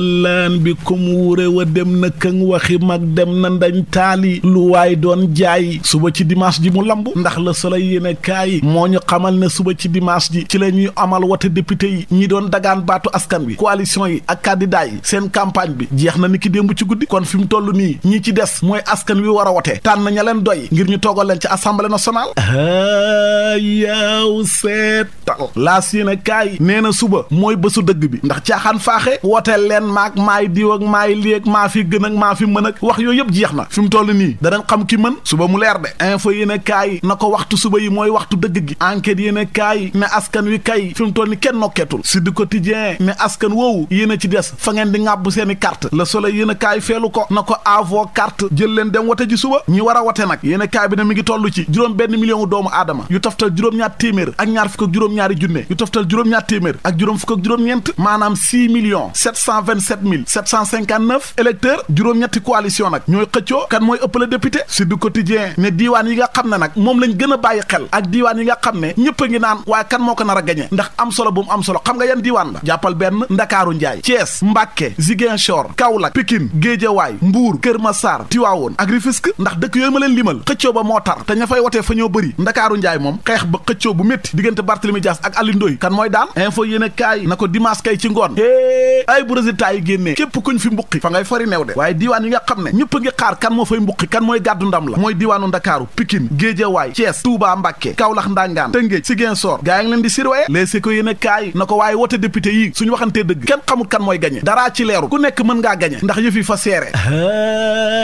wallaan bi kum wure wa dem na këng waxi mag dem na ndañ taali lu waay doon jaay suba ci dimanche ji mu lamb ndax la soleil yéene kaay moo ñu xamal ne suba ci dimanche ji ci la ñuy amal wote député yi ñi doon dagaan baatu askan wi coalition yi ak candidat yi seen campagne bi jeex na ni ki démb ci guddi kon fi mu toll nii ñi ci des mooy askan wi war a wote tànn ña leen doy ngir ñu toogal leen ci assemblée nationale ah, yaw seetal laas yéene nee na suba mooy maag maay diw ak maay lii ak maa fi gën maa fi mën wax yooyu yëpp jeex na fi mu toll nii danañ xam ki mën suba mu leer de info yéen a kaay na ko waxtu suba yi mooy waxtu dëgg gi enquête yéen a kaay ne askan wi kay fi mu ni kenn nokkeetul si du quotidien ne askan woowu yéen a ci des fa ngeen di ŋàbb seen i la le soleil yéen a kaay feelu ko na ko avoo carte jël leen dem wote ji suba ñi war a wote nag yéen a kaay bi ne mi ngi toll ci juróom benn million doomu aadama yu toftal juróom-ñaar téeméer ak ñaar fukk ak juróom-ñaari junne yu toftal juróom-ñaar téeméer ak juróom fukk ak juróom-ñeent maanaam 6 millions 720 227 759 électeurs juróom-ñetti coalition nag ñooy xëccoo kan mooy ëppale député si du quotidien ne diiwaan yi nga xam ne nag moom lañ gën a bàyyi xel ak diiwaan yi nga xam ne ñëpp a ngi naan waaye kan moo ko nar a ndax am solo bu am solo xam nga yan diiwaan la jàppal benn ndakaaru njaay Thiès Mbàkke Ziguinchor Kaolack Pikine Géejawaay Mbuur Kër Massar Tiwaawoon ak Rufisque ndax dëkk yooyu ma leen limal xëccoo ba moo tar te ña fay wotee fa ñoo bëri ndakaaru résultat yi génnee képp kuñ fi mbuqi ngay fori new waaye diiwaan yi nga xam ne ñëpp ngi xaar kan moo fay mbuqi kan mooy gàddu ndam la mooy diiwaanu ndakaaru pikin géejawaay Thiès Touba Mbàkke Kaolack ndangaan Tëngéej Ziguinchor gaa ngi leen di surveiller les ko a kaay na ko waaye wote député yii suñu waxantee dëgg kenn xamul kan mooy gañe daraa ci leeru ku nekk mën ngaa gañe ndax yëf fa seere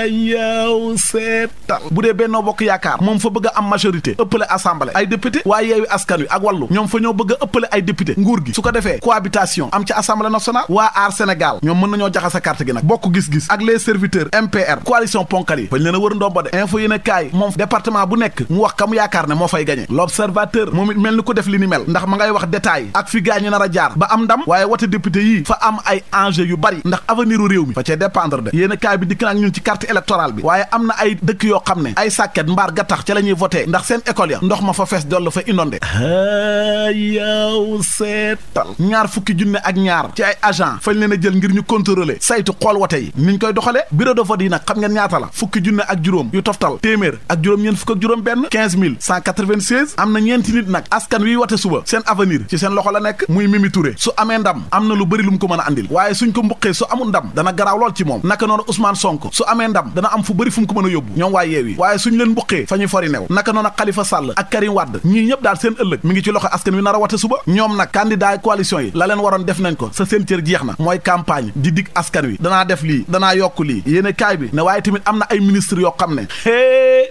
yow seetal bu dee bennoo bokk yaakaar moom fa bëgg am majorité ëppale assemblée ay député waaye yeewi askan wi ak wàllu ñoom fa ñoo bëgg a ëppale ay député nguur gi su ko defee cohabitation am ci assemblée nationale waa aar Sénégal Sénégal ñoom mën nañoo jaxase carte gi nag bokk gis-gis ak les serviteurs MPR coalition ponkal yi fañ leen a wër ndomba de info yi ne moom département bu nekk mu wax ka yaakaar ne moo fay gañe l'observateur moom it mel ni ko def li ni mel ndax ma ngay wax détail ak fi gaañu nar a jaar ba am ndam waaye wote député yii fa am ay enjeu yu bari ndax avenir réew mi fa cee dépendre de yéen a kaay bi dikk naak ñun ci carte électorale bi waaye am na ay dëkk yoo xam ne ay sàkket mbaar gattax ca la ñuy voté ndax seen école ya ndox ma fa fees doll fa inondé yow seetal ñaar fukki junne ak ñaar ci ngir ñu contrôler saytu xool wote koy doxalee bureau de vote xam ngeen ñaata la fukki junne ak juróom yu toftal téeméer ak juróom ñeen mille cent quatre-vingt-seize am na ñeenti nit nag askan wiy wote suba seen avenir ci seen loxo la nekk muy Mimi su amee ndam am na lu bëri lu ko mën a andil waaye suñ ko mbuqee su amul ndam dana garaaw lool ci moom naka noon Ousmane Sonko su amee ndam dana am fu bëri fu mu ko mën a yóbbu ñoom waa yeew yi waaye suñ leen mbuqee fa a fori new naka noonu Khalifa Sall ak Karim Wade ñii ñëpp daal seen ëllëg mi ngi ci loxo askan wi nar a wote suba ñoom nag candidat coalition yi la leen waroon def nañ ko sa seen cër jeex na campagne di dig askan wi danaa def lii danaa yokk lii yéen kaay bi ne waaye tamit am na ay ministre yoo xam ne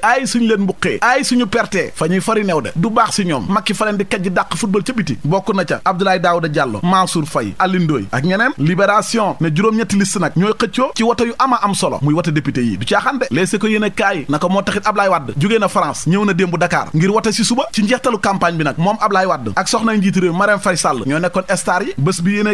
ay suñu leen mbuqee ay suñu pertee fa ñuy fari new de du baax si ñoom Macky fa leen di kajj dàq football ca biti bokk na ca Abdoulaye Daouda Diallo Mansour Faye Alindooy ak ñeneen libération ne juróom-ñetti liste nag ñooy xëccoo ci wote yu ama am solo muy wote député yi du caaxaan de ko yéen a kaay naka moo taxit Ablaye Wade jógee na France ñëw na démb Dakar ngir wote si suba ci njeextalu campagne bi nag moom Ablaye Wade ak soxna njiitu réew Marème Faye Sall ñoo nekkoon star yi bés a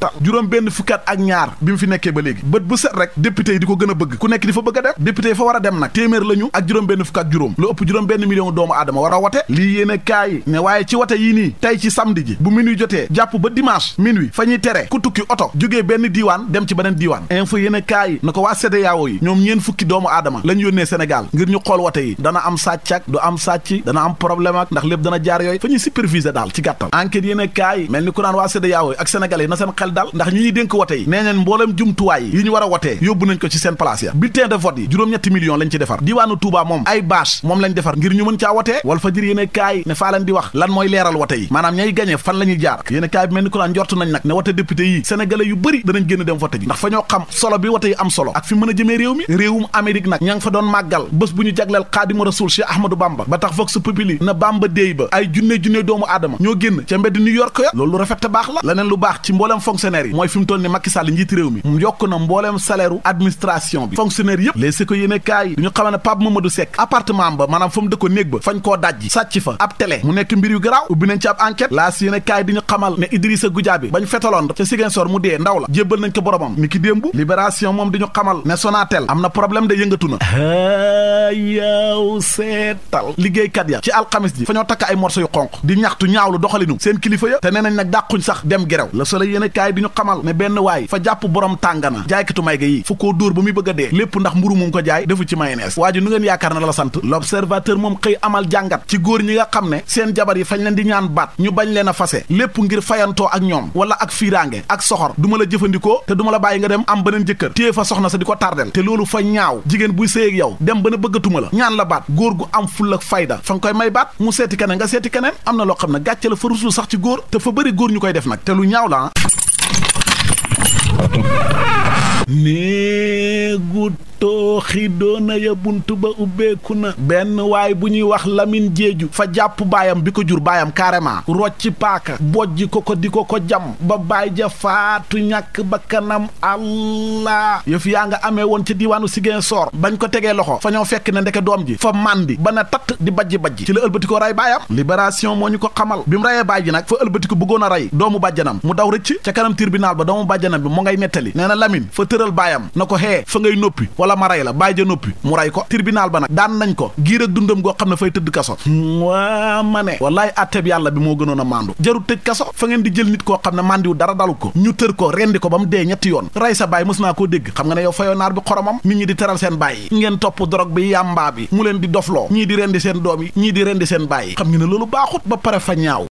kaay juróom benn fukkaat ak ñaar bi mu fi nekkee ba léegi bët bu set rek député yi di ko gën a bëgg ku nekk di fa bëgg a dem député yi fa war dem nag téeméer la ñu ak juróom benn fukkaat juróom lu ëpp juróom benn million doomu aadama war a wote lii yéen a kaay ne waaye ci wote yii nii tey ci samedi ji bu minuit jotee jàpp ba min minuit fa ñuy tere ku tukki oto jógee benn diiwaan dem ci beneen diiwaan info yéen a kaay na ko waa CEDEAO yi ñoom ñeen fukki doomu aadama la ñu yónnee Sénégal ngir ñu xool wote yi dana am sàcc am sàcc dana am problème ak ndax dana jaar yooyu fa ñuy superviser daal ci gàttal enquête yéen a kaay ku naan waa CEDEAO yi na seen xel Sénégal ndax ñu ñuy dénk wote yi nee neen mbooleem jumtuwaay yi ñu war a wotee yóbbu nañ ko ci seen place ya bulletin de yi juróom-ñetti millions lañ ci defar diwaanu Touba moom ay bâche moom lañ defar ngir ñu mën caa wotee wal fa jër yéene ne faa leen di wax lan mooy leeral wote yi maanaam ñay gañee fan la jaar yéene bi mel ni ko naan njort nag ne wote député yi sénégalais yu bëri danañ génn dem vote ji ndax fa ñoo xam solo bi wote yi fonctionnaire yi mooy fi mu toll ni Macky Sall njiiti réew mi yokk na mbooleem salaire administration bi fonctionnaire yëpp les si ko yéene xamal ne Pape Mamadou Seck appartement ba maanaam fa mu dëkkoon néeg ba fañ koo dajji sàcc fa ab télé mu nekk mbir yu garaaw ubbi nañ ci ab enquête laa si di ñu xamal ne Idrissa Goudiaby bañ fetaloon ca Ziguinchor mu dee ndaw la jébbal nañ ko boromam ni ki démb libération moom di ñu xamal ne Sonatel am na problème na yaw seetal liggéeykat ya ci alxamis ji fa takk ay morso yu xonq di ñaxtu ñaawlu doxalinu seen kilifa ya te nee nañ nag dàquñ sax dem di ñu xamal ne benn waay fa jàpp borom tàngana jaaykatu may ga yi fu ko dóor ba muy bëgg a dee lépp ndax mburu mu ko jaay defu ci mayonnaise waa ji nu ngeen yaakaar na la sant l'observateur moom xëy amal jàngat ci góor ñi nga xam ne seen jabar yi fañ leen di ñaan baat ñu bañ leen a fase lépp ngir fayantoo ak ñoom wala ak fiiraange ak soxor duma la jëfandikoo te duma la bàyyi nga dem am beneen jëkkër téye fa soxna sa di ko tardel te loolu fa ñaaw jigéen buy sëy ak yow dem ba na bëggatuma la ñaan la baat góor gu am ful ak fayda koy may baat mu seeti keneen nga seeti keneen am na loo xam ne gàcce la fa rusul sax góor te fa bëri góor ñu koy def nag te ñaaw la ah. néegu tooxi doona ya bunt ba ubbeeku na benn waay bu ñuy wax lamin jéeju fa jàpp baayam bi ko jur baayam carrément rocci paaka bojj ko ko di ko ko jam ba baay ja faatu ñàkk ba kanam allah yëf yaa nga amee woon ca diiwaanu Ziguinchor bañ ko tegee loxo fa ñoo fekk ne ndeke doom ji fa màndi ba na tatt di bajj bajji ci la ëlbati ko rey baayam libération moo ñu ko xamal bi mu reyee baay ji nag fa ëlbati ko bëggoon a rey doomu bàjjanam mu daw rëcc ca kanam tribunal ba doomu bàjjanam bi mu ngay nettali nee na lamin fa tëral baayam na ko ma rey la bàyyi ja noppi mu rey ko tribunal ba nag daan nañ ko giir dundam goo xam ne fay tëdd kaso waa ma ne wallaay atteb yàlla bi moo gënoon a mandu jaru tëj kaso fa ngeen di jël nit koo xam ne mandiwu dara dalu ko ñu tër ko rendi ko ba mu dee ñetti yoon rey sa baay mës naa koo dégg xam nga ne yow fayoo naar bi xoromam nit ñi di teral seen baay yi ngeen topp dorog bi yàmbaa bi mu leen di dof loo ñii di rendi seen doom yi ñii di rendi seen baay xam nga ne loolu baaxut ba pare fa ñaaw